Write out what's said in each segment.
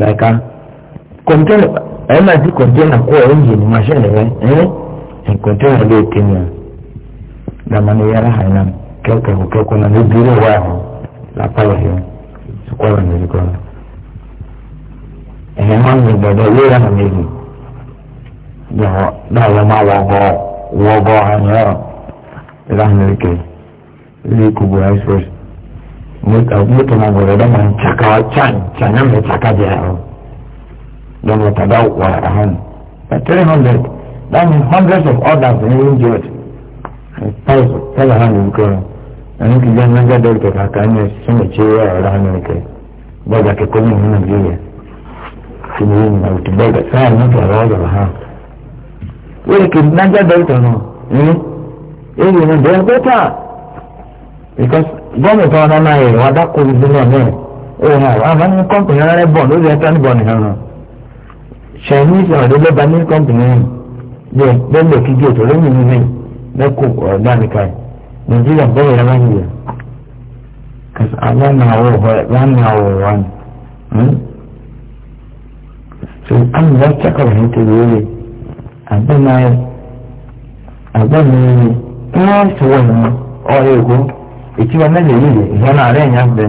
like a uh, container ẹ máa ti container kó engine machine rẹ ẹ ẹ container lè tẹ ní a dàmà ní yàrá àyìnà kẹkọọ kẹkọọ náà ní bírò wà ẹhọ lápálọ yẹ sọkọlọ ní ìdíkọ náà ẹ̀yẹ máa ń lè gbọdọ̀ wéra nà méjì náà wọ́n máa wọ́gọ́ wọ́gọ́ àyàn ẹ̀rọ ìlànà ìkẹyì ilé ìkùbù express moto na gore da man chaka chan chana me chaka je ho don wata da wa han but 300 that means hundreds of others in injured thousand seven hundred ko an ki jan na da to ka kan ne sun ce ya ra ne ke ba da ke ko ni mun ji ya sun yi na uti ba da sa na ta ra da ha wai ke na da to no eh eh ne da ta because gọ́ọ̀mù kan náà náà yẹ̀rọ adáko ibi náà náà òun àwọn àmọ́ ní kọ́mpìnì rárá bọ̀ lórí ẹ̀tọ́ ní bọ̀ọ̀nì náà chinese ọ̀dọ́ lọ́ba ní kọ́mpìnì yẹn bẹ́ẹ̀ lọ kí gate olóyìn mi náà lẹ́kọ̀ ọ̀dọ́ àníkà nàìjíríà bọ́ọ̀lù yẹn máa ń yẹ kàtà àwọn náà wọ̀ wọ́n náà wọ̀ wọ́n so àmì wọ́n tẹ́kọ̀ wọ́n ti wọ́n lé àbẹ́ náà àbẹ́ mi ni wọ́n ti wọ̀ ikiwa mele ile yana are nyambe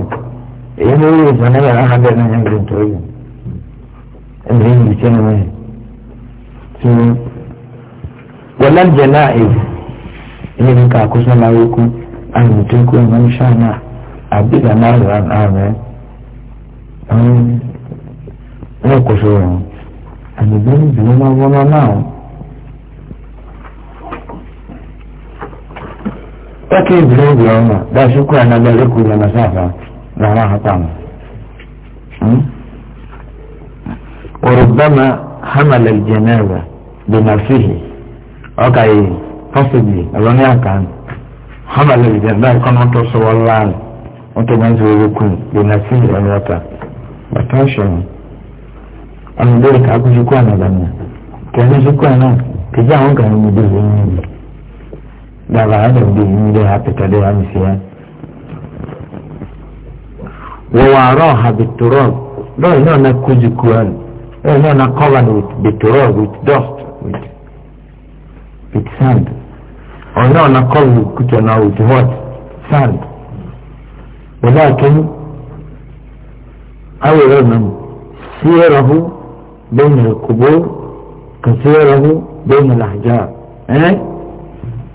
yene ile zana ya hande na nyambe toyo emri ni chene me so wala janaiz ile nka kusala huku an mutun ko man shana abida na ran ame um ne ko so an bin bin ma wona nawo Oke bile bi ọma da shuku anabere ku na masafa na ma hata mu. وربما حمل الجنازة بنفسه أوكي possibly أظن كان حمل الجنازة كان أنت سوى الله أنت من زوجكم بنفسه أمرتا بتاشم أنا ذلك أقول شكوانا لنا كان شكوانا كجاهم كانوا مدرسين daga adam bi in dai haka ta dai amsiya wa waraha biturab no no na kuji kuan no no na covered with biturab with dust with with sand or no na covered kuto na with what sand ولكن أولا من سيره بين القبور كسيره بين الأحجار إيه؟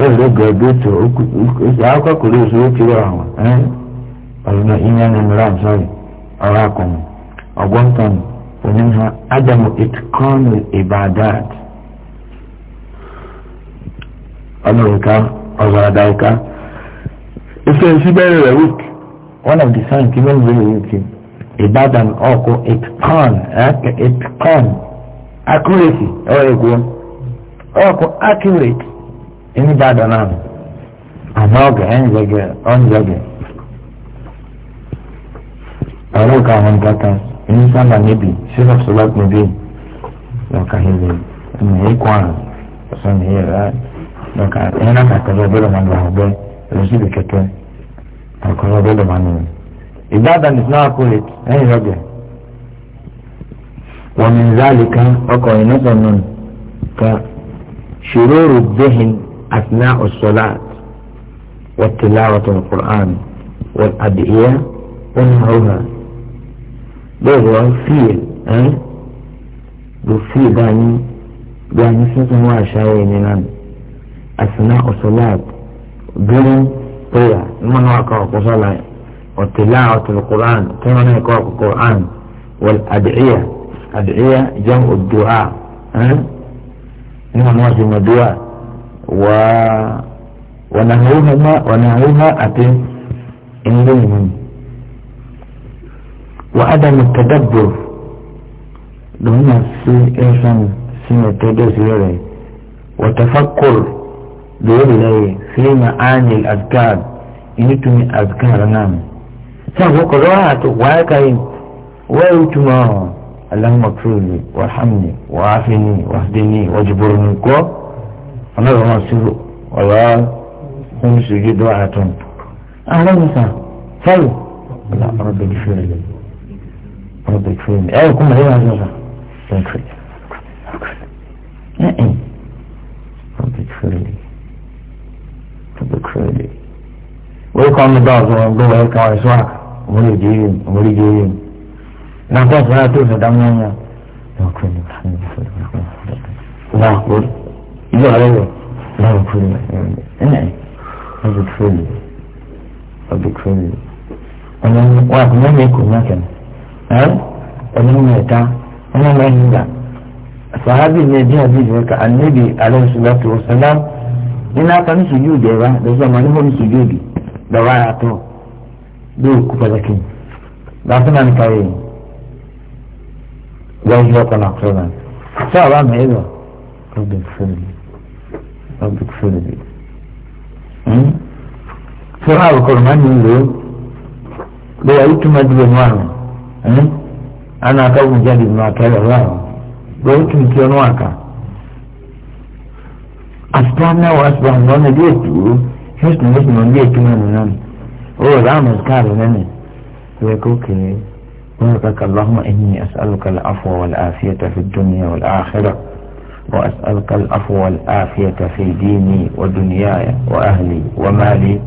lọ́dọ̀ ló gẹ̀ẹ́dẹ́tò akọ́kùnrin oṣù ó kiri ọ̀hún ẹ́ ọ̀rùn ìyẹn ní mìíràn sọ́ọ̀rì ọ̀rọ̀ akọ̀mù ọ̀gbọ́ntàn onímọ̀ ádámù ìtìkọ́nù ìbàdàd ọlọ́ọ̀ká ọ̀zọ̀rọ̀dáìká ife ìsíbẹ̀rẹ̀ rẹ̀ wík one of the signs kí wọ́n lè wík ìbàdàn ọkọ̀ ìtìkọ́nù ìtìkọ́nù accuracy ọ̀rọ̀ ẹ̀gbọ́n ọkọ̀ accurate. ní ìbàdàn náà àná ọ̀gá ẹ̀ǹzẹ̀gẹ̀ ọ̀ǹzẹ̀gẹ̀ ọ̀rọ̀ ọrụ àwọn nǹkan ní sábà níbi sísọ sọlá níbi lọ́ka ilé ẹ̀mí ẹ̀kọ́ àrùn ọ̀sán ní ìyẹ̀rá lọ́ka ẹ̀yìn náà kàkọ́rọ́ ọ̀bẹ́lẹ̀ máa lọ ọ̀bẹ́ lọ́sibí kẹ̀kẹ́ kàkọ́rọ́ ọ̀bẹ́lẹ̀ máa nù. ìbàdàn is not accurate ẹ̀yìn rọ̀gẹ̀ wọ́n mi ń zálì kan ọkọ̀ ìnáṣọ̀ nù ká ṣòro أثناء الصلاة والتلاوة القرآن والأدعية ونحوها بغوا فيل أه؟ دو داني داني سنسن واشاين لنا أثناء الصلاة قرن طيع من وقع قصالة وتلاوة القرآن كما نقرأ القرآن والأدعية أدعية جمع الدعاء أه؟ من واسم الدعاء و ونهوهما ونهوها أتين إنهم وعدم التدبر دون سي إنسان سنة تدسيري وتفكر دولي في معاني الأذكار يتمي أذكار نام سنفوق رواعة وعكاين ويتماه اللهم اغفر لي وارحمني وعافني واهدني واجبرني كو ọlọ́run náà sí ọ̀rọ̀ ọ̀hún ṣèjì dọ́ àtọ̀n àwọn ọ̀sà fáwọ̀ ọ̀là ọ̀rọ̀ bẹ̀rẹ̀ fẹ́rẹ̀ lẹ̀ ọ̀rọ̀ bẹ̀rẹ̀ fẹ́rẹ̀ lẹ̀ ẹ̀rọ kúmọ̀ lẹ́yìn àjọ ọ̀sà bẹ̀rẹ̀ fẹ́rẹ̀ lẹ̀ ọ̀rọ̀ bẹ̀rẹ̀ fẹ́rẹ̀ lẹ̀ ọ̀rọ̀ bẹ̀rẹ̀ fẹ́rẹ̀ lẹ̀ wọ́n kọ́ mi dọ́ọ̀ sọ̀rọ̀ gbọ́dọ̀ ẹ̀ka ẹ̀ṣọ́ à mọ̀lẹ́dẹ́yìn nàkọ́ sọ̀rọ̀ àti òṣèdá ìjọ ààrẹ rẹ láwọn fúnni ẹnẹ ọdún fúnni ọdún fúnni ọmọ wa ọmọ mi kò ní akẹ́nu ẹ ọmọ mi ẹ̀ta ọmọ mi ẹ̀yìn gbà sahabi ne ji hadisi ne ka annabi alaihi salatu wassalam ina ka ni sujudi ba da zama ni mun sujudi da waya to do ku fa zakin da suna ni kai ya yi haka na kusa ba mai yawa rubin sirri رب اكفر لي سؤال القرآن يقول لو أيت مجد معه أنا قوم جديد ما كان الله لو أيت مجد معك أصبحنا وأصبحنا أنا جيت حسن حسن وأنا جيت من نام هو العام أذكار لنا ويقولك ويقولك اللهم إني أسألك العفو والعافية في الدنيا والآخرة وأسألك الأفو والعافية في ديني ودنياي وأهلي ومالي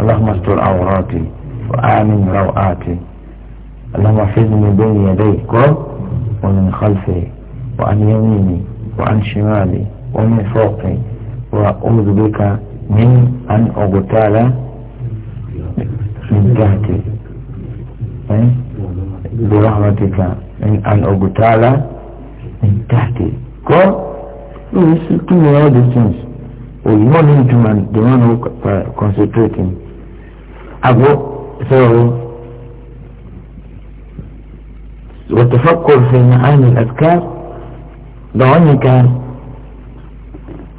اللهم استر عوراتي وآمن روآتي اللهم احفظني من بين يديك ومن خلفي وعن يميني وعن شمالي ومن فوقي وأعوذ بك من أن أغتال من جهتي إيه؟ برحمتك من أن أغتال من تحتي كو Yes, it do all these things. Well, you want him والتفكر في معاني الأذكار دعوني كان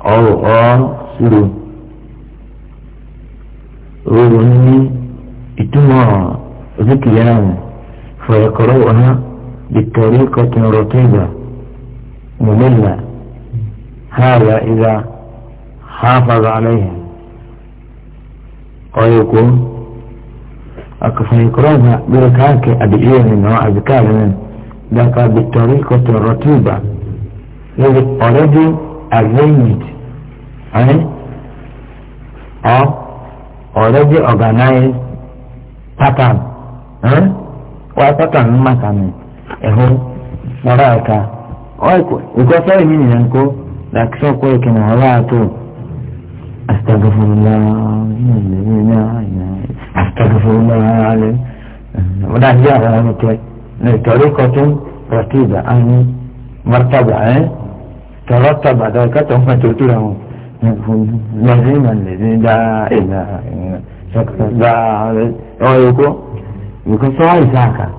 أو أصلو روحني اتما ذكيان فيقرؤها بطريقة رتيبة مملة هذا إذا حافظ عليهم ويكون فيقرأنا بركعك أدعية من وأذكار من ذاك بالطريقة الرتيبة الذي already arranged eh? or already organized pattern eh? or pattern mata ni ẹ̀hún mọ̀ra ẹ̀ka ọ̀ ẹ̀kọ́ ìkọ́sọ́ ìmìnira لكن شو قولك أنا وضعته أستغفر الله أستغفر الله العظيم وده جاء يعني طريقة رتيبة يعني مرتبة إيه ترتب على كتب فتوتلهم لازما الذي لا إله إلا الله لا يكون يكون سؤال ساكت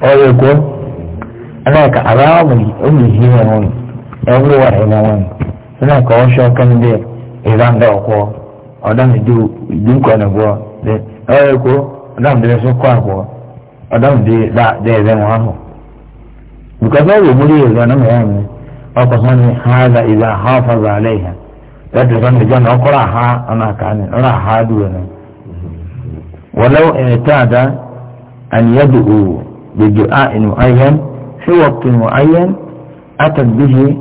ọyọ kọ ẹnna ka aráàlú ọmọ ìhí ẹ wọn ẹwúrọ wà ẹnna wọn ẹnna ka ọṣọ kẹndẹ ìrandà ọkọ ọdọmọdé ìdúnkọ ẹnìgbọ ọyọ kọ ọdọmọdé ẹsọ kọ àgbọ ọdọmọdé dẹ ẹbẹ wọn ahọ bùkọ́tà ọ̀rọ̀ òmùlé ìlú ọ̀nà mẹ́rin mi ọkọ̀ sọ́ni hàdà ìlà ha fàzà alẹ́ yìí láti ọ ìjọ náà ọkọ̀ àhá ọ̀nà àkàní ọ̀nà àhá dùwẹ̀ náà wọ́lẹ́wọ̀ بدعاء معين في وقت معين أتت به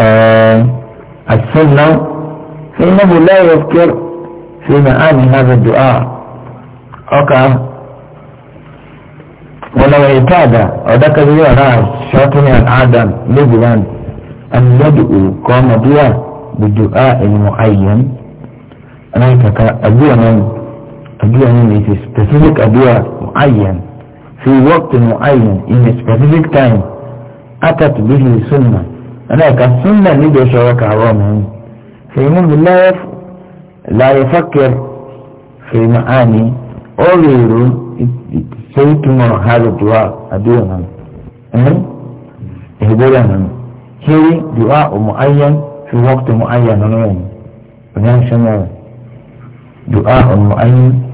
آه السنة فإنه لا يذكر في معاني هذا الدعاء أوكا ولو اعتاد وذاك اليوم عن ادم لبلا أن يدعو قام بها بدعاء معين أنا اتكلم addu'a ne it is specific addu'a mu'ayyan fi waqtin mu'ayyan in a specific time atat bihi sunna ana ka sunna ni da shawara ka hawa mu fa imam la yaf la yafakkir fi ma'ani or yuru sai kuma hada du'a addu'a nan eh ibada nan kiri du'a mu'ayyan fi waqtin mu'ayyan nan ne ne shanar du'a mu'ayyan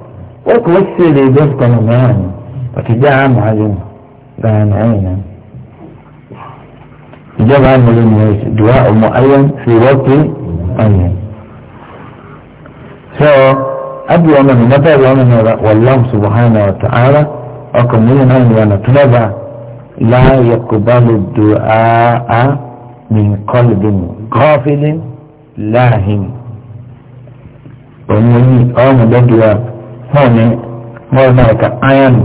وكو السيري دوست فتدعى وكجاء معلم بان عينا جمع الملم دعاء معين في وقت معين so أبي أمن متى أمن والله سبحانه وتعالى أكم من أن ونتنبع لا يقبل الدعاء من قلب غافل لاهن ومن أمن الدعاء mọ́ọ̀nì mọ́ọ̀nì ọ̀ka iron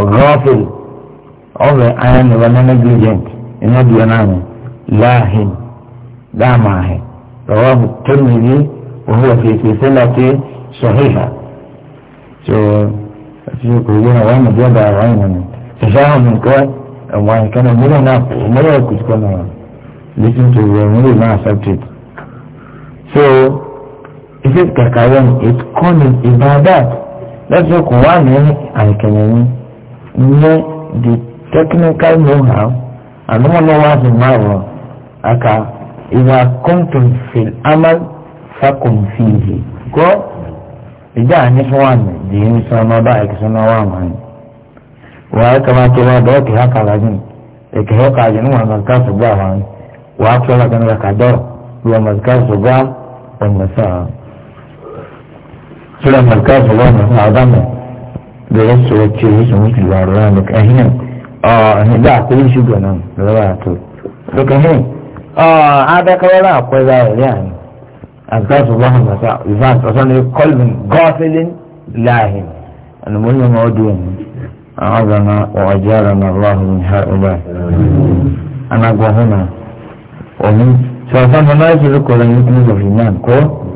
ọ̀gáfẹ́lì ọ̀rẹ́ iron ìwà negligent iná bìọ́ náà mi láàhìn dáàmàhìn lọ́wọ́ tẹ́lẹ̀mìlì òun wà fèsì sẹ́lá tí sọ̀híhà tó àti kò yẹ àwọn ọmọdé ọba àwọn ìwọ̀nì ṣẹ̀ṣẹ̀ àwọn nǹkan ẹ̀wọ̀n nǹkan náà náà mọ́lẹ̀ kùtùkọ́ náà listen to your mọ́lẹ̀ náà accept it. so ife kàkà wọn it's coming about that lẹ́sìn kò wà ní àìkẹ̀yẹ̀yìn ní the technical know-how ànúmọ̀lọ́wọ́ àti márùn-ún aka ìwà kọ́ńtùn fìl amal fakùn fìhì kọ́ ìjà àní fún wa ní di yín sọ ọmọ bá ìkẹsọ́ náà wà wọ́n yìí wà á kà máa tẹ̀lé ọ̀dọ́ ọ̀kẹ́ ha kà lájú ẹ̀kẹ́ ha kà jẹ́ níwọ̀n màkà sọ̀gbà wọn wà á tẹ̀lé ọ̀kẹ́ ha kà dọ̀ lọ́wọ́ màkà sọ̀gbà ọ̀nà sáà sura malka fulana adamu da ya so ce ya so mutu ba ruwa da kahinan a da akwai shugo nan da zaba to da kahinan a ada kawara akwai za a riya ne azka su ba hanga sa ivan tsasan ne kolbin gosilin lahin an mulmi mauduwan أعاذنا وأجارنا الله من هؤلاء أنا قهنا ومن سوف ننازل كل يوم في الإيمان كو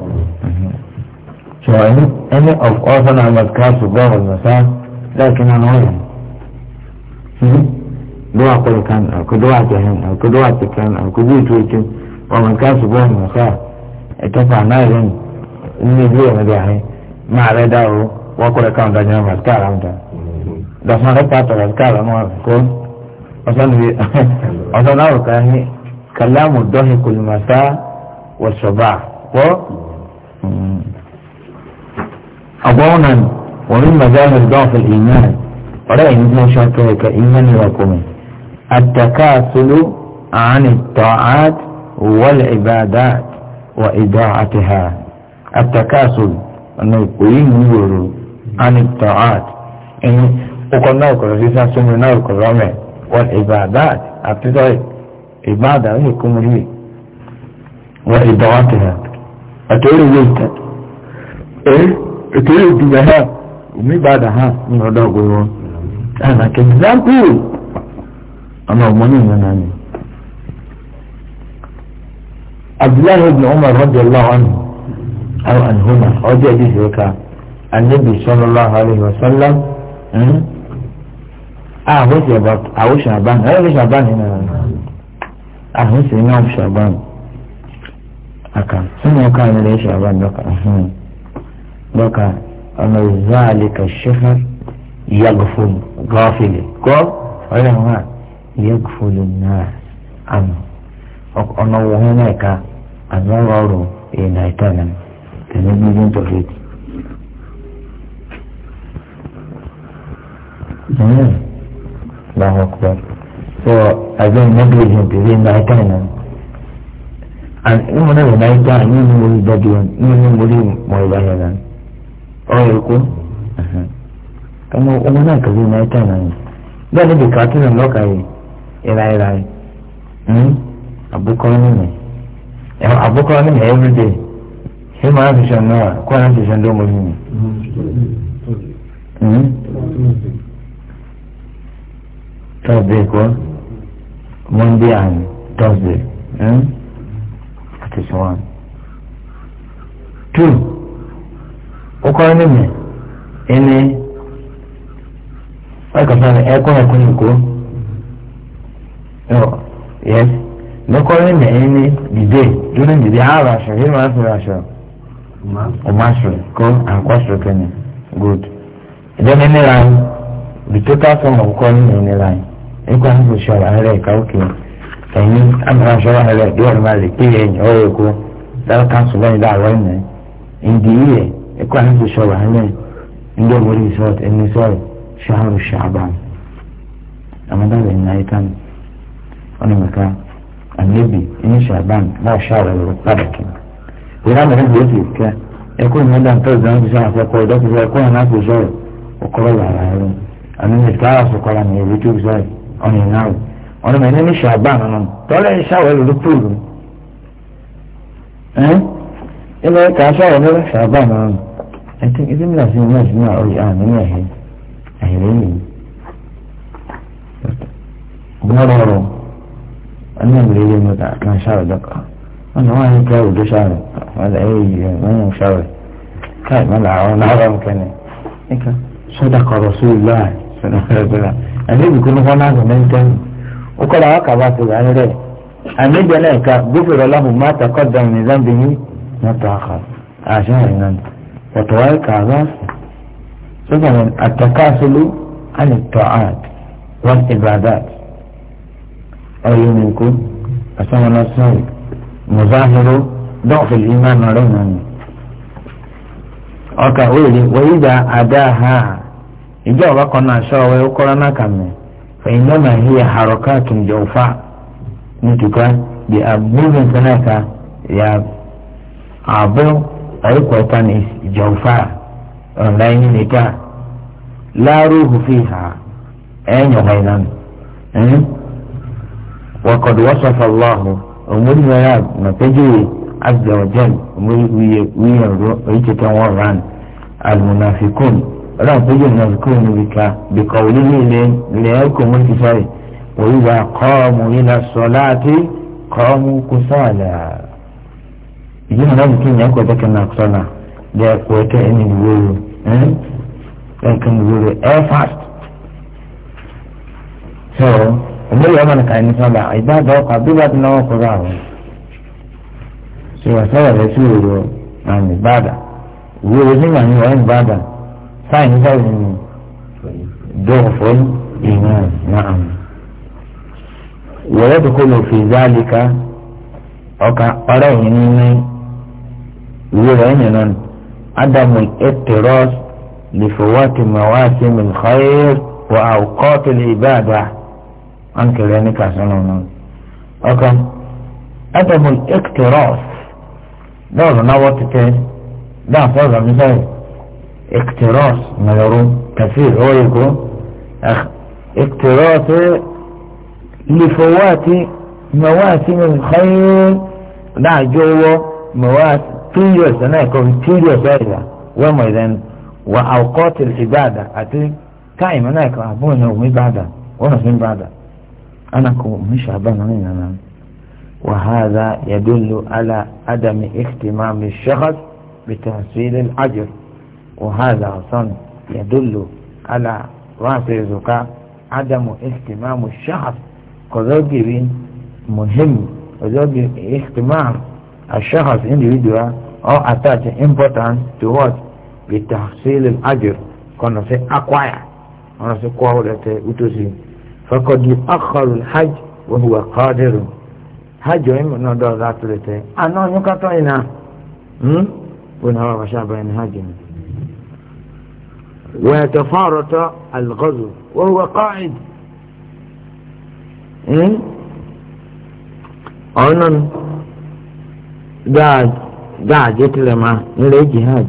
So any, any of orphan I was cast to God was Messiah, that can annoy him. Dua kau kan, aku dua jahan, aku dua tekan, aku dua cuci, orang kan sebuah masa. Itu panas dan ini dia dia. Mari dah, waktu kau dah nyaman sekarang dah. Dah mana patah sekarang mau kau. Asal ni, asal nak kau ni kalamu dohikul masa, wasabah, ko. أبونا ومن مزايا ضعف الإيمان ورأي مثل شاكرك إيمان لكم التكاسل عن الطاعات والعبادات وإضاعتها التكاسل أنه يقول عن الطاعات إن وقلنا وكرسيسا سمنا وكرامة والعبادات أبتدأ عبادة هي كمرية وإضاعتها أتقول إيه èkéyìí òdùnmẹ̀ ha òmìgbàdà ha ní ọ̀dọ́ ọ̀gbọ̀rọ̀ ẹ̀nà kẹ̀kẹ́dáńpù ọ̀nà ọ̀gbọ́n ní ìyẹn náà abdullahi ibn umar rọ́jò lọ́wọ́ àwọn àníhùnà ọjọ́ ìdí ìṣèkà àníbi sọ́nọ́lá àlẹ́ ìwọ̀sánlá àwọn ṣàbán ẹ̀rọ ṣàbán yìí nàá àwọn ah, sì ní àwọn ṣàbán àkà sínú ọkà ilẹ̀ ṣàbán lọ́kà. baka ọmọ zaalika shahar yagful gafili kọ ọyọ wa yagful naa anu ọ̀nà wọn náà ká àná ọrọ̀ ìlà ìtànà tẹ̀lé gbígbé tọ̀fẹ̀. Jẹ́nẹ̀ làwọn kọ́ sọ àgbẹ̀ ìnágbèrè ìbèrè ìlà ìtànà. Àwọn ọmọ náà wọ̀ náà ìtàn ní ìlú orí dọ́dọ̀ ní ìlú orí mọ̀ ìlà yẹn náà ọ̀rọ̀ kú ọmọ ọmọ náà kàwé náà tẹ̀ náà yìí bẹ́ẹ̀ níbi kàtí náà lọ́kà yìí ìlà ìlà yìí hmm, àbúkọ́ nínú àbúkọ́ nínú everyday human vision náà kọ́nà vision ló mọ̀ nínú. Hmm? Thursday kọ́ Monday and Thursday. Hmm? That is one. Two. ụkọrọ n'ime ịnị ọkọsọrọ ẹkún ẹkún nìkó yes n'ụkọrọ n'ime ene dìde dúró dìde àárọ̀ aṣọ yìí máa fi aṣọ ọmọ aṣọ kó àǹkọ́ aṣọ kẹ́ni good ìjọba ẹni ra the total sum of ụkọrọ n'ime ẹni ra ẹkún aṣọ ṣọrọ ahẹrẹ ẹka òkè ẹyin àmì aṣọ ahẹrẹ ìdíwọ̀n máa lè pè é ẹyìn ọ̀rọ̀ èkó dára káńsù lẹ́yìn in ndị year. ẹ̀kọ́ àhàbù sọ̀rọ̀ alẹ́ ndé wọlé sọ̀rọ̀ ẹni sọ̀rọ̀ ṣáàrù ṣàbàn àmọ́dá rẹ̀ ní ayé tán ọ̀nà mẹ́ka àmẹ́bí ẹni ṣàbàn náà ṣàrọ̀ ẹ̀rọ padà kí wọ́n á mẹ́rin lóṣù kẹ́ ẹ̀kọ́ ìmọ̀dá ntọ́jú náà أنتم إذن لازم نجمع الآن واحد أهلين ضرروا النمر يجب ما شاء دقة أنا ما هيكاو دشارة هذا أي ما مشاور كان ملع ونعظم إيكا صدق رسول الله صدق رسول الله أنا بيكون هنا زمان وكل عاقة باتوا يعني ليه أنا جناك غفر له ما تقدم من ذنبه ما تأخر عشان أنت watawaye kaza sasa min atakasulu an ta'at wal ibadat ayyuminkum asama nasai muzahiru ضعف الإيمان علينا ọkà wéèrè wẹ́yìdà àdáhà ìjọ ọba kan náà ṣọ́ ọwẹ́ ọkọ́rọ́ náà kà mí fẹ̀yìndọ́mà hí àhàrọ̀ká kìjọ̀fà ní tùkọ́ di àbúrò nǹkan náà kà yà àbọ̀ أي كوبان جوفا أونلاين نتا لا روح فيها أين غينا وقد وصف الله أمرنا يا نتجي عز وجل أمرنا ويتكون المنافقون ọlọ́run tó yẹ nàìjíríà níbi ká bìkọ̀ òní ní ilé ilé ẹ̀kọ́ mú ti sáré òyìnbá kọ́ ọmọ yìí lọ sọ láti kọ́ ọmọ kó sọ̀lá ìyá náà ní kí ni ẹkọ ẹjẹ kan náà sọnà dẹ ẹkọ ẹkẹ ẹni ìwúrò ẹnkan ìwúrò ẹ fast so ọmọ yìí ọmọ nìkan ẹni sọlá ìgbà àgbà ọkọ àbúrò àti náà ọkọ rà wọn so àṣàwọ̀ rẹ sí ìwúrò àmì ìbàdà ìwúrò sí ìwà ni wọ́n ìbàdà sáà ní sáà ní dọ́ọ̀fọ́ ìyàn náà wọ́n yẹ kókó lò fi zálìka ọkà ọ̀rẹ́ yìí ní. يوها إننا عدم الاتراس لفوات مواسم الخير وأوقات العبادة عنك لأنك أسألون أوكا عدم الاكتراث ده نوات تاني ده فرضا مثال اقتراس ما يرون كثير هو يقول أخ اقتراس لفوات مواسم الخير ده جوه مواسم تيو سنكون تيو سايدا وما إذن وأوقات العبادة أتي تايم أنا كأبونا ومي بعدا وأنا من بعدا أنا كو مش أبانا مين أنا وهذا يدل على عدم اهتمام الشخص بتحصيل الأجر وهذا أصلا يدل على رأس الزكاة عدم اهتمام الشخص كذلك مهم كذلك اهتمام الشخص individual or attach importance to what? بتحصيل الأجر كنا سي acquire كنا سي قوة وتوسي فقد يؤخر الحج وهو قادر حج يوم نودو ذات لتي أنا نكتو هنا هم؟ ونهار بشا بين حج ويتفارط الغزو وهو قاعد أنا داد dáàjẹ́ tilẹ̀ ma nílẹ̀ jihad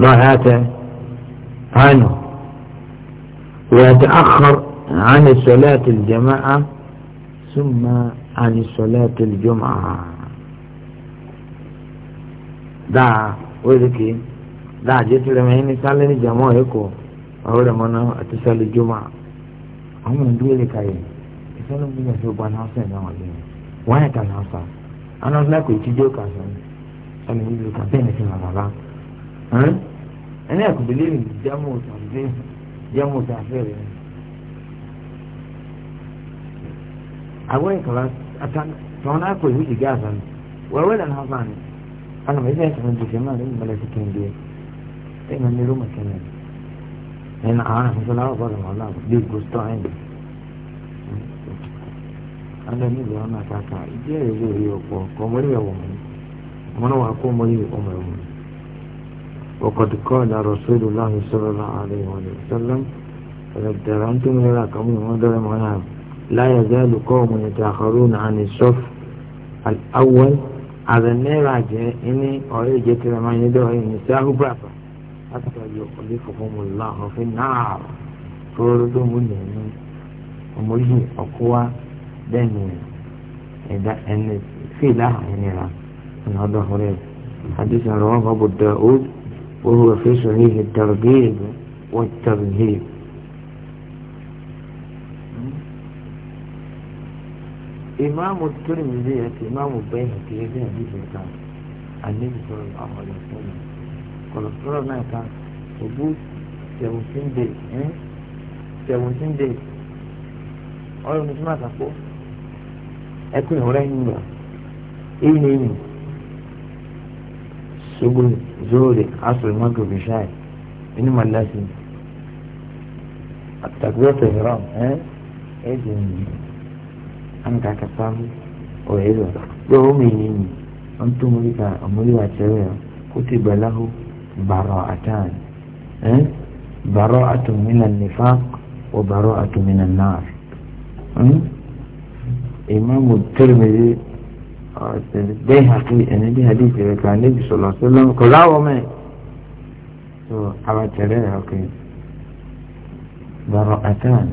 lọ́ọ̀hẹ́ àtẹ hànú ويتأخر عن صلاة الجماعة ثم عن صلاة الجمعة دا وذكي دا جيت لما هيني سالني جماعة يكو أولا منا أتصل الجمعة هم من دولي كاين يسألون بنا شو بنا حسين نوالين وانا كان حسين anọ́dúnlá kò tí jókà sọ ẹni ìlú kàmpẹ́ẹ̀nì sí màmá bá ẹni àkùbílẹ̀ mi jámù tàbí jámù tàbí rẹ̀ àwọn ìkàlà tọ́nà kò ìwé jìgá sọ ni wẹ́wẹ́ dàn hàn fún mi ana mai zai kamar jikin ma da mala cikin biyu sai man ne ruma kenan yana a wani fasalawa ba da mawala ba bi gusto ainihin alẹ́ni ìlú ọ̀nà kàkà ìdí ẹ̀rọ ìlú rí ọ̀pọ̀ kọ̀mọ́rí ẹ̀wọ̀ mi ọmọ náà wà kó mọ́rí ọmọ ẹ̀wọ̀ mi. وقد قال رسول الله صلى الله عليه وسلم فقد أنتم إلى كم منام لا يزال قوم يتأخرون عن الصف الأول على النار إني أريد ما يدعو النساء برافا حتى يخلفهم الله في النار فوردوا منهم ومجي أقوى then and في لها يعني من هذا هريرة حديث رواه أبو داود وهو في صحيح الترغيب والترهيب إمام الترمذي إمام البيهقي هذا حديث كان النبي صلى الله عليه وسلم قال ما كان ثبوت 17 دي 17 دي أو مش ما تقول ɛkò yɛ ɔrɛ nyuma ɛyìn ɛyìn sugu zoore asoro mago bishai ɛni malasi atakuro tehran ɛ ɛdi nyi an ka ka sam ɔyɛ lɔ yɛ ɔmɛ yɛ nyi an tó mo ka ɔmɔli wa kyerɛ yɛ kó ti bala ho baro atan ɛ baro atumina nifaq wa baro atumina naar. إمام الترمذي ده حقيقي أنا دي حديث إذا كان النبي صلى الله عليه وسلم كلا وما تو أبا ترى أوكي براءتان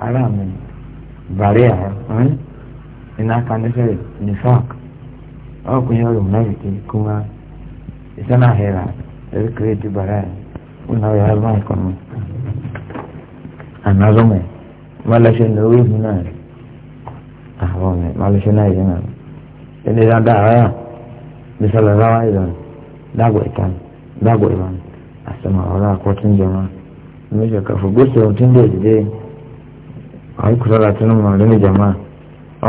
على من بريئة إنها كان نفاق نفاق أو كن يولو منافقي كما إسانا هيرا دي براءة ونهو يهرمان كنون أنا رمي ولا شنو هناك àwọn ọmọ ìmọ̀lẹ́sẹ̀ náà yìí náà ẹni dáadáa ara yà bisalẹ̀ ráwá ìlànà dàgbà ìtàn dàgbà ìlànà àsọmọ ọ̀rọ̀ àkọ́tún jẹma méjì kàfọ́ gbèsè ọ̀tún dé ìdílé àìkúrọ̀ láti nù mọ̀ lónìí jẹma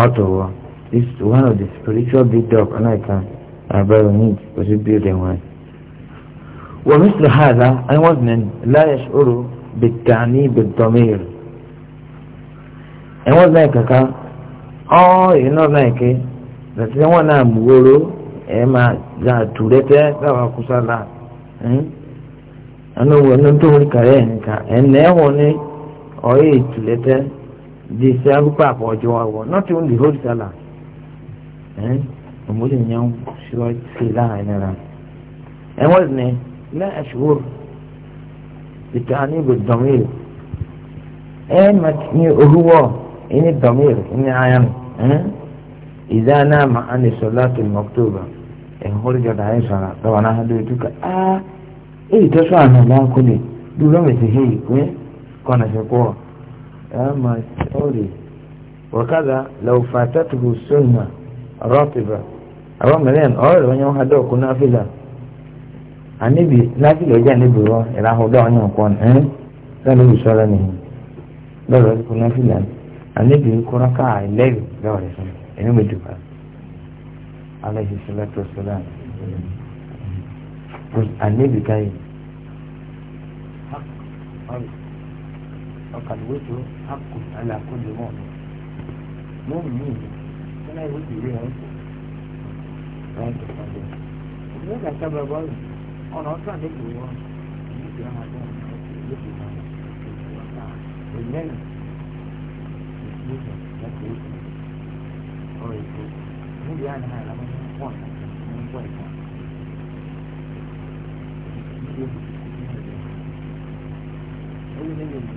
ọ̀tọ̀ wọ this one of the spiritual build big dog anáìka àbẹ̀rẹ̀ ní oṣù bíi rẹ̀ wọ̀nyí. ومثل هذا أي وزن لا يشعر بالتعني بالضمير أي وزن كذا ọ èyí náà náà wọn náà múwòrò ẹ máa gba tùrẹ́tẹ́ sábà kúsàlà ẹnu wọn ní tó rí kàrẹ́ nìka ẹnẹ wọn ní ọyẹ tùrẹ́tẹ́ di sẹ akókò àpọ̀jọ àwọ̀ nọ́ọ̀tì wọn lè hóòdì sàlà ọmọdé yẹn ń sọ sí láàrin náà ẹ wọ́n ní lẹ́yìn àṣùwòrò ìtàn ní ibùdó dọ̀míìlì ẹ máa ní orúwọ́. ini damir ini ayan hmm? idza nama an salati maktuba in eh, horja da ayin sara da wana hadu duka a ah, eh to so an lan ko ne duro me se hei ko ko na se ko ama sorry وكذا لو فاتته السنة راتبة أو مليان أول ونيو هدو كنا فيلا anibi láti lè jẹ́ níbi wọn ìlànà ọdọ́ ọ̀yàn kan ẹ̀ ń sọ́ni ìṣọ́ra nìyí lọ́dọ̀ ọdún kan náà fìlà ní anabi nkura kaa eleven lɔɔre so ɛnu mu eduba alayhi salatu wasalam anabi ka yi. وقد وجه حق على كل مؤمن مؤمن فلا يوجه بها nígbà sábà bọ́ọ̀lù ọ̀nà ọ̀tún àdéhùn wọn nígbà máa bọ́ọ̀lù lóṣù náà lóṣù wọn náà òyìnbó rồi muy bien hay là mình quan mình quan trọng ấy nên mình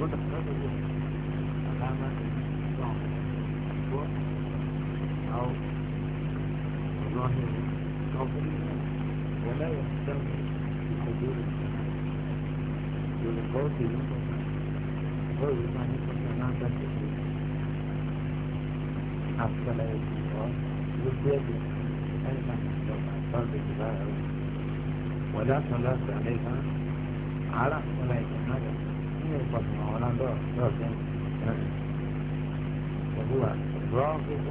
có tập đó thôi làm mà còn có đâu rồi còn cũng có đấy là trong cái gì rồi có gì nữa không có gì mà những cái nào đó ولا صلاة عليها على ولا يتحدث من البطن ولا دور لكن وهو راغب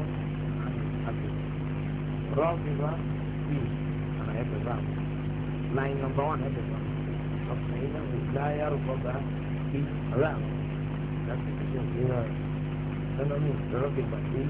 عن الحديث راغب فيه أنا يبقى راغب لاين نمبر 1 يبقى راغب لا يرغب في راغب لكن كثير لأنه راغب فيه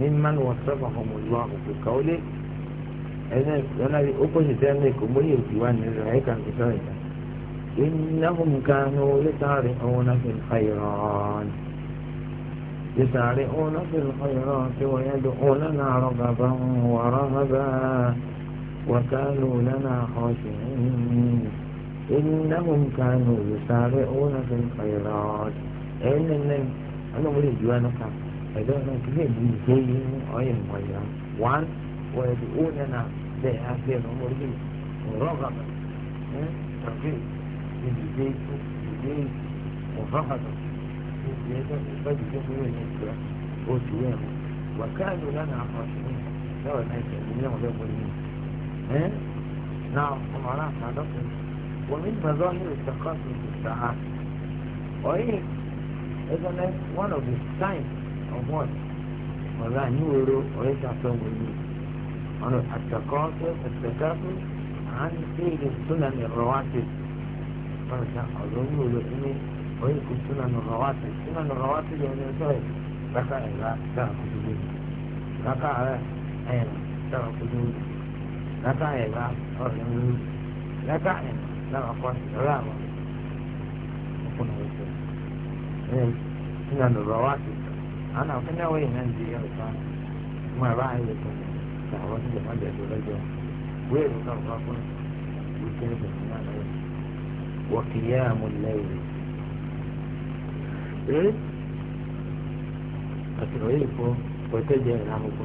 ممن وصفهم الله في قوله أنا أقول ذلك أمري وكوان رأيك أنت إنهم كانوا يسارعون في الخيرات يسارعون في الخيرات ويدعوننا رغبا ورهبا وكانوا لنا خاشعين إنهم كانوا يسارعون في الخيرات إن أنا أريد أن أقول I don't know today museum أي مغيرة وان ويدعوننا بهذه الأمور دي مرغبا ترغيب للبيت للبيت مرغبا وكانوا لنا خاشعين لو ما يكلمون ولا يقولون ها نعم أمراء صادقين ومن مظاهر التقاسم في الساعات وإيه إذا one of the signs ọwọ́n ọ̀rọ̀ àníwòrò ọ̀rẹ́ ìtàkùn wòlíì ọ̀nà àtàkọ́sọ ẹ̀sẹ̀káfọ́ à ń ṣe èdè súnàmì rọwátì ọ̀rọ̀ ìta ọ̀rọ̀ wúlò ní ọ̀rẹ́ ìkú súnàmì rọwátì súnàmì rọwátì yẹn ní sọ yìí rákà ẹ̀rá sáà kúndú wòlíì rákà ẹ̀rá sáà kúndú wòlíì rákà ẹ̀rá ọ̀rẹ́ wòlíì rákà ẹ̀rá sáà kọ́sì ọ̀rẹ́ àwọn ọkùnrin wòlíì ana fana wai nan je ya fa kuma ba a yi da ta wasu da ma da dole da wai da kan fa kun wuce da kuma na wai wa qiyamul layl eh àti oye fo pẹtẹ jẹ ìlànà kò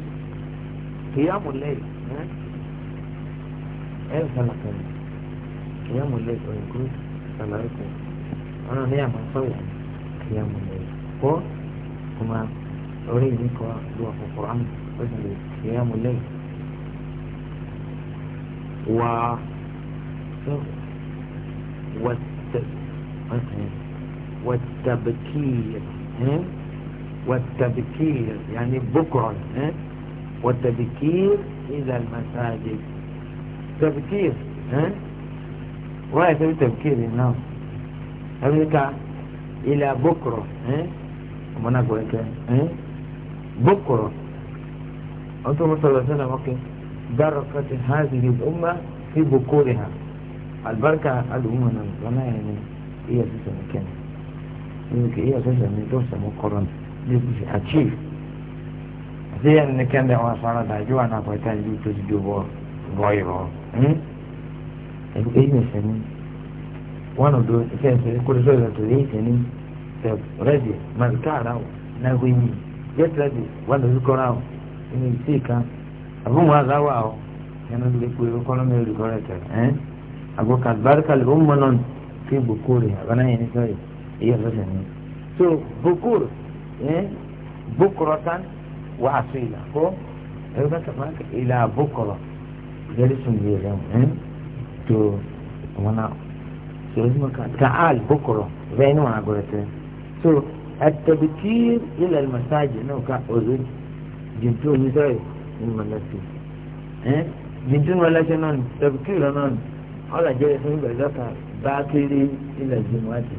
qiyamul layl eh ẹ sala kan qiyamul layl ko ko sala ko ana ne ama so ya qiyamul layl ko kuma أريد منك kuwa zuwa ga Qur'an wajen da والتبكير والتبكير يعني بكرة والتبكير إلى المساجد تبكير ها وهي تبكير الناس أمريكا إلى بكرة mana go eke eh bukoro antum sallallahu alaihi wasallam okay barakat hadhihi al-umma fi bukuriha albarka al-umma wana yani iya sasa mkenya yuki iya sasa ni dosa mukoron yuki achieve zai ne kan da wasara da juwa na kwata yi to dubo goiro eh eh ne sani one of those sense could so that they can yourself ready mazika ara o na wenyi get ready wanda zukọ ra o ẹni ìsì kan àbúrò àzá wà o ẹnu lè pe ọkọ náà mẹ́rin kọ́ rẹ̀ tẹ̀ ẹ́ àgọ́ kàdùbáríkàlì ó mọ náà fi bòkó rẹ̀ àbáná yẹn ní sọ́ọ̀rì èyí ọ̀sọ̀sẹ̀ ni so bòkó ẹ́ bòkọ̀rọ̀ tán wà á so ìlà kọ́ ẹ̀rọ bá sọ̀rọ̀ ìlà bòkọ̀rọ̀ ìjẹ́rìí sùn yìí rẹ̀ ẹ́ tó wọn náà sọ̀rọ̀ yìí mọ̀ ká tààl bòkọ̀rọ̀ bẹ́ẹ̀ ni wọn àgọ́rẹ̀ so التبكير إلى المساجد نوكا أولوج جنتو نزاي المناسي إيه جنتو ولا شنون تبكير نون على جاي سنين بذاك باكري إلى الجمعات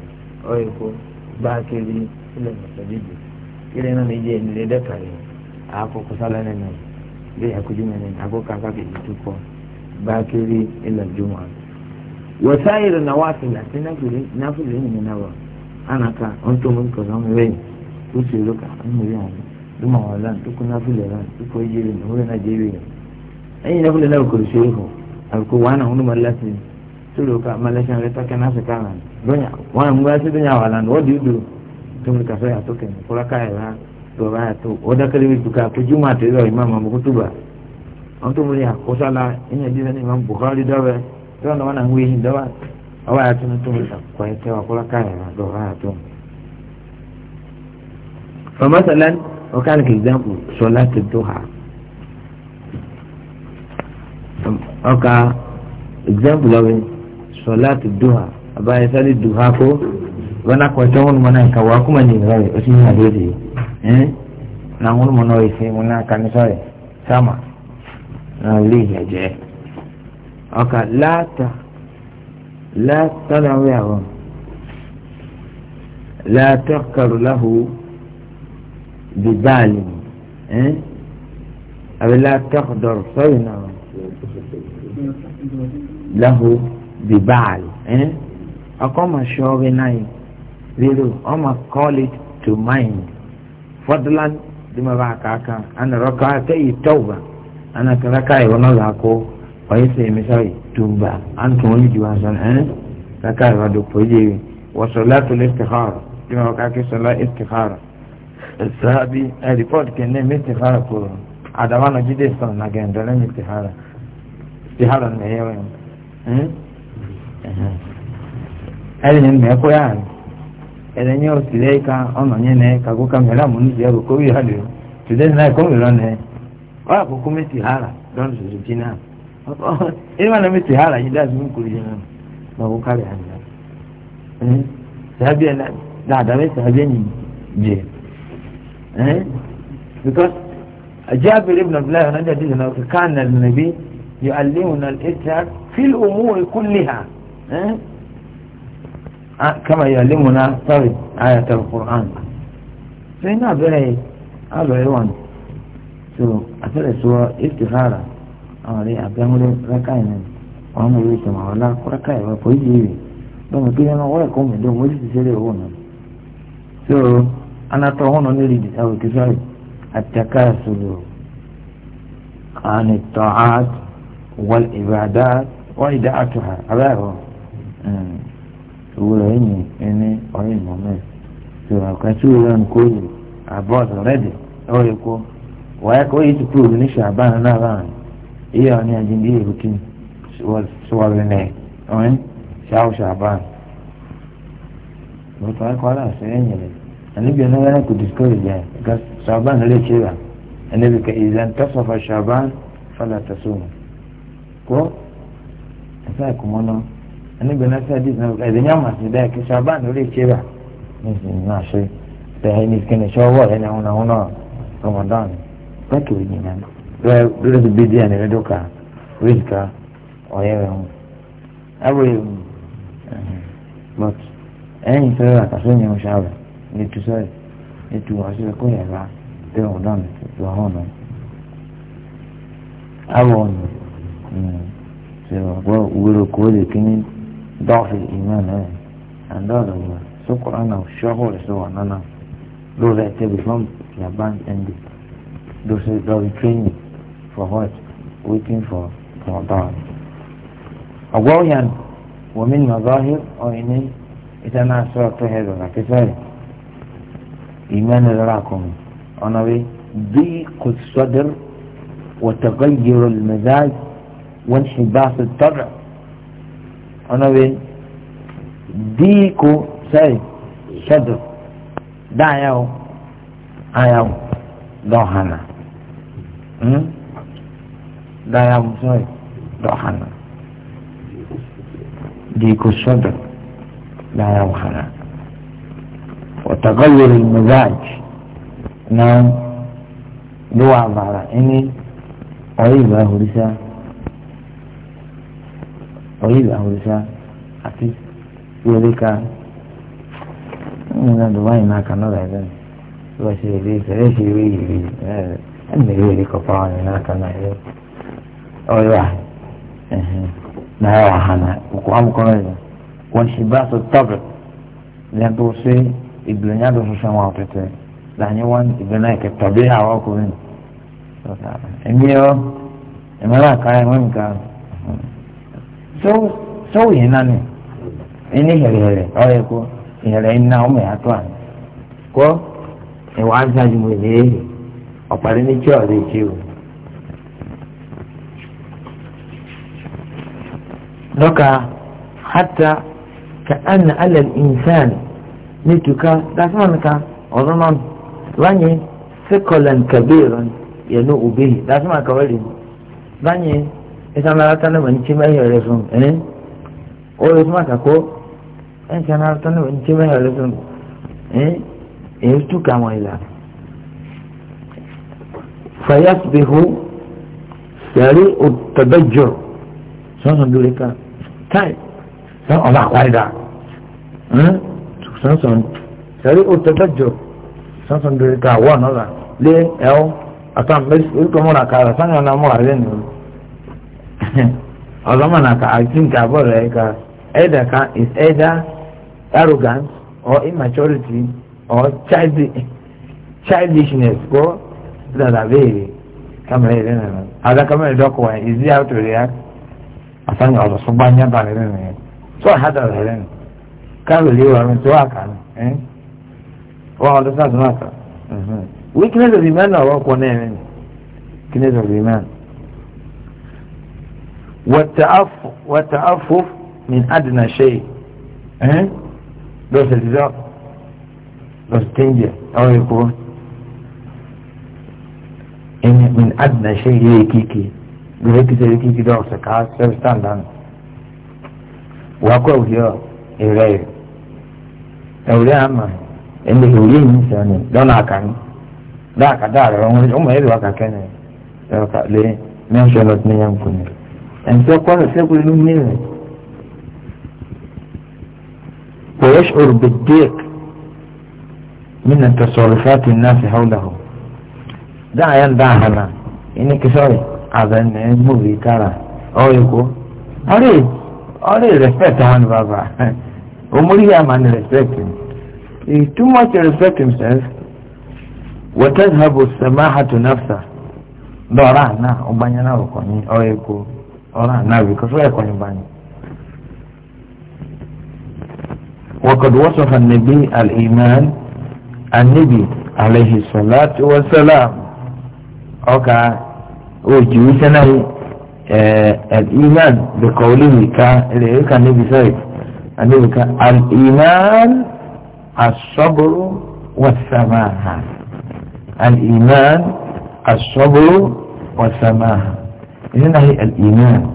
أو يكون باكري إلى المساجد إلى نون يجي إلى ذكري أكو كسالة نون ليه أكو جمعة أكو كاكا كيتوكو باكري إلى الجمعة وسائر النوافل أتنا كلي نافل إني نوافل anaka ọtọ mu nkọ náà mẹrẹ yìí ó sì ló kà ń mẹrẹ àná lọmọ àwọn ọlá tó kún náà fúlẹ náà tó kọ yé rẹ náà wúlẹ náà jẹ rẹ ẹyìn náà fúlẹ náà kò ṣe é hù àbùkù wàhánà ọhún ma láti tó ló kà má lẹsẹ rẹ tọkẹ náà fẹkà náà lọnyà wọn mú ẹsẹ tó nyà wà lánà wọ́n dìídò tó mu kàfẹ́ yàtọ̀ kẹ̀mí kúrọ́ káyà rà lọ́ba wọn tó mu rí àkóso àlà ẹ̀yìn ọba àti nítorí àkọ́ ẹ̀tẹ́ ọ̀kọ́lọ́kà yẹn àti ọ̀rọ̀ àtọ́. for masalan ọ̀kan kì í dáàbò sọlá ti dùn ha ọkà example ọ̀bẹ sọlá ti dùn ha àbáyé sáré dùn ha kó wọn akọ ẹ̀tọ́ wọn mọ náà nǹkan wọ́n akọ́mọ ní ìlú rẹ̀ ó sì ń yàgò èdè ẹ̀ náà wọn mọ náà ìfẹ́ wọn náà kàní sọ̀rẹ̀ sáàmà náà lè yẹ̀ jẹ́ ọkà látà. لا تدعوا يهون لا تحكر له ببال إيه؟ أو لا تقدر صينا له ببال إيه؟ أقوم الشعور ناي ليرو أما call it to mind فضلا دم بعكاكا أنا ركعتي توبة أنا كركعي ونضحكو wọ́n sẹ́ misali tuba an tún wọ́n ju asan ẹ́n kaka ìwà dọ̀pọ̀ yìí wọ́n sọ̀lá tó lè istikhara tí wọ́n ká kí sọ̀lá istikhara sàbí ẹ̀ rìpọ́t kì ní istikhara kò àdàwọn ọ̀nà jíde sọ̀rọ̀ nà gẹ̀ǹdọ̀ lẹ́yìn istikhara istikhara nà ẹ̀yẹ wẹ̀n ẹ̀rì ni mẹ́ kó yára ẹ̀rẹ̀ ní o sì lẹ́yìn ká ọ̀nà yẹn nẹ́ kàgó ká mú ní ìyàgò kó yára lè o tùdẹ́ náà kó mìíràn lọ́nà tuntun jí ini mana mesti hal aja dah semua kuliah ni mau kali aja eh sahaja lah dah dah mesti sahaja ni je eh because جابر ابن عبد الله رضي الله عنه كان النبي يعلمنا الإثر في الأمور كلها أه؟ أه كما يعلمنا طرد آية القرآن فإنها بلاي هذا يوان سو أثر سوى استخارة ọ̀rẹ́ àbẹ́wọ́lẹ́ rákà yẹn wọn mọ̀ yóò tẹ̀wọ̀n ọ̀la rákà yẹn wọ́n fọ́yì yìí bẹ́ẹ̀ kí ẹnu wọ́n ẹ̀kọ́ mẹ́jọ mo sì ṣeré owó nà. so anatọ ọhún ní àt ìbàdà ìdá so kóòlù rẹ́dì ọ̀rẹ́ kó wọ́n yìí kúrò ní iye wọn ni àjíǹde ìrùkì sọ̀rọ̀lẹ̀ ọ̀hún ṣáà ṣàbàn lọ́tọ̀ ẹ̀kọ́lá sẹ́yìn rẹ̀ àníbi ẹ̀nà wọn kò discourage yẹn ẹ̀ka ṣàbàn lè ṣe rà ẹ̀nẹ́bi kẹ ìzàn tẹ́sọ̀fà ṣàbàn fàlà tẹ̀sọ̀mù kọ́ ẹ̀sà ìkùmọ́ náà ẹ̀nẹ́bi ẹ̀nà sẹ́yìn náà ẹ̀dẹ̀ ní àmàṣe dá ẹ̀kẹ́ ṣàbàn lè ṣe rà nísìnyí náà ṣe tẹ̀hẹ́ ní kí well lórí ti bídí ẹni rẹ dọ́kà ríjì ká ọ̀yẹ́ rẹ̀ hàn ábòye but ẹ̀yìn sọ́yọ́ àtàṣọ yẹn ń ṣàwẹ̀ ní tu sọ́yọ́ ní tu wọ́n ṣẹlẹ̀ kó yẹ bá tẹ ọ̀hún dáhùn tu ọ̀hún nù. ábòye sọ̀rọ̀ gbọ́ wúro kó lè kíní dọ́ọ̀fì ìmọ̀ náà àndọ́ọ̀dọ̀ wọ̀ sókòrò náà ṣọ́hùn rẹ̀ sọ̀rọ̀ náà lórí ẹ̀ tẹ́bi fún yàgbá ẹ̀ ń dì lọ́sẹ̀ lọ́rí tírénìn. for what? Waiting for Ramadan. أولا ومن مظاهر أو إني إذا أنا أسرت هذا لكسر إيمان لراكم أنا بي ضيق الصدر وتغير المزاج وانحباس الطبع أنا بي ضيق صدر دعيو أيو ضوحنا 嗯。Mm? دا یا موسوی دا خانا دی کسود دا یا خانا و تغیر المزاج نام دو عبارا من دوائی ما کنو دا ایدن دوائی سیدی سیدی سیدی سیدی سیدی سیدی سیدی سیدی سیدی سیدی سیدی ọ̀yà náírà na òkú amukọ́nà yìí wọ́n ṣì bá aṣọ tọ́bẹ̀ lẹ́yìn tó ṣe ìgbìyànjú àdó ṣoṣo àwọn ọ̀tẹ̀tẹ̀ làyẹn wọn ìgbìyànjú àìkẹ́ tọ́bí àwọn ọkùnrin ẹ̀mí ọ ẹ̀mẹ́rà káyà ẹ̀mẹ́ mi so sọ́wọ́ yẹn náà ni ẹni hẹ̀rẹ̀hẹ̀rẹ̀ ọ̀yẹ̀ kó o. doka hatta ka anna ala al-insan nituka dasmanka ozonon wanye sikolan kabiran yanu'u bihi dasmanka wali wanye ita na rata na banci mai yare sun eh o yi kuma ko en ta na rata na banci mai yare sun eh e tuka mai la fayasbihu sari'u tabajjur sun sun dulika táì ọ̀la àkwáìdà sọ̀nsọ̀n sẹ́rí òtẹ́tẹ́jọ sọ̀nsọ̀n lórí ká wọ́n náà lé ẹ̀ọ́ àtàm mẹ́sì orúkọ mọ́ra kára sáyẹn náà mọ́ra rẹ̀ nù ọ̀lọ́mọ náà ká àti nǹkan àbọ̀ rẹ̀ ká ẹ̀dà ka is either arrogant or immaturity or childishness kó dàdà béèrè kàmẹ́rẹ́ rẹ̀ nàná àdàkàmẹ́rẹ́ dọ́kọ̀ wáyé is it how to react. àtàwọn ọ̀rọ̀ sọ gbá nyába rẹ̀ lẹ́nu yẹn tó àhádà rẹ̀ lẹ́nu káàrò lé wa tó àkà ní wọn ọdún sàdún àkà weakness of the man náà wọ́pọ̀ náà yẹn ni weakness of the man. والتعفف من أدنى شيء أه؟ بس الجزاء بس تنجي أو يكون إن من أدنى شيء يكيكي gbèsè kìtẹ́ yìí kí gidi ọ̀sẹ̀ ká sẹ́fì sáǹdà nù wà á kọ́ ìwé ọ̀ èrè ẹ̀ ẹ̀wùrẹ́ àmà ẹ̀mí ìwúrí yìí sọ ni lọ́nà àkàní dáàkà dáàrẹ̀ ọ̀hún ọmọ ẹ̀rọ àkàkẹ́ ni ẹ̀rọ̀kà lé mẹ́ńsọ̀ lọ́tún ní yàn kù ni ẹ̀ǹtí ọkọ rẹ̀ sẹ́kùn inú mi rẹ̀ wọ́yẹ́sì òrùbẹ̀ díẹ̀ من التصرفات الناس حوله دعيا دعنا إنك سوري abẹ́ni múvi kára ọ̀yẹ́kọ́ ọ̀rẹ́ ọ̀rẹ́ respect àwọn bàbá omúríyá máa ní respect him he too much respect himself wọ́tẹ́sàbò sàmáhàtò náfsà lọ́ọ̀rọ̀ àná ọgbànyẹ́ náà ọkọ̀ yín ọ̀yẹ́kọ́ ọ̀rọ̀ àná bìkọ́ sọ́yẹ́ kọ́ yín báyìí. وقد وصف النبي الإيمان النبي عليه الصلاة والسلام أوكي وجوسنا الإيمان بقوله كالإيكا النبي سيد النبي الإيمان الصبر والسماحة الإيمان الصبر والسماحة إذن هي الإيمان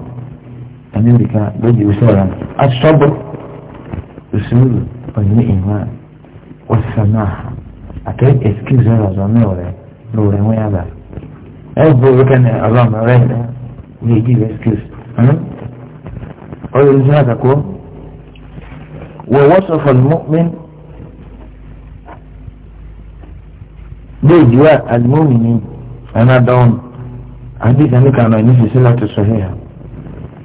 النبي بجي سيد الصبر اسمه الإيمان والسماحة أكيد إسكيز هذا زمان ولا نور ويا every weekend along around them, they give excuse. Hmm? Or you listen to the ووصف المؤمن بجواء المؤمنين أنا دون حديث أنك أنا نفسي سلة صحيحة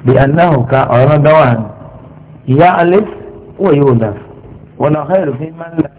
بأنه كأنا دوان يألف ويؤلف ولا خير في من لا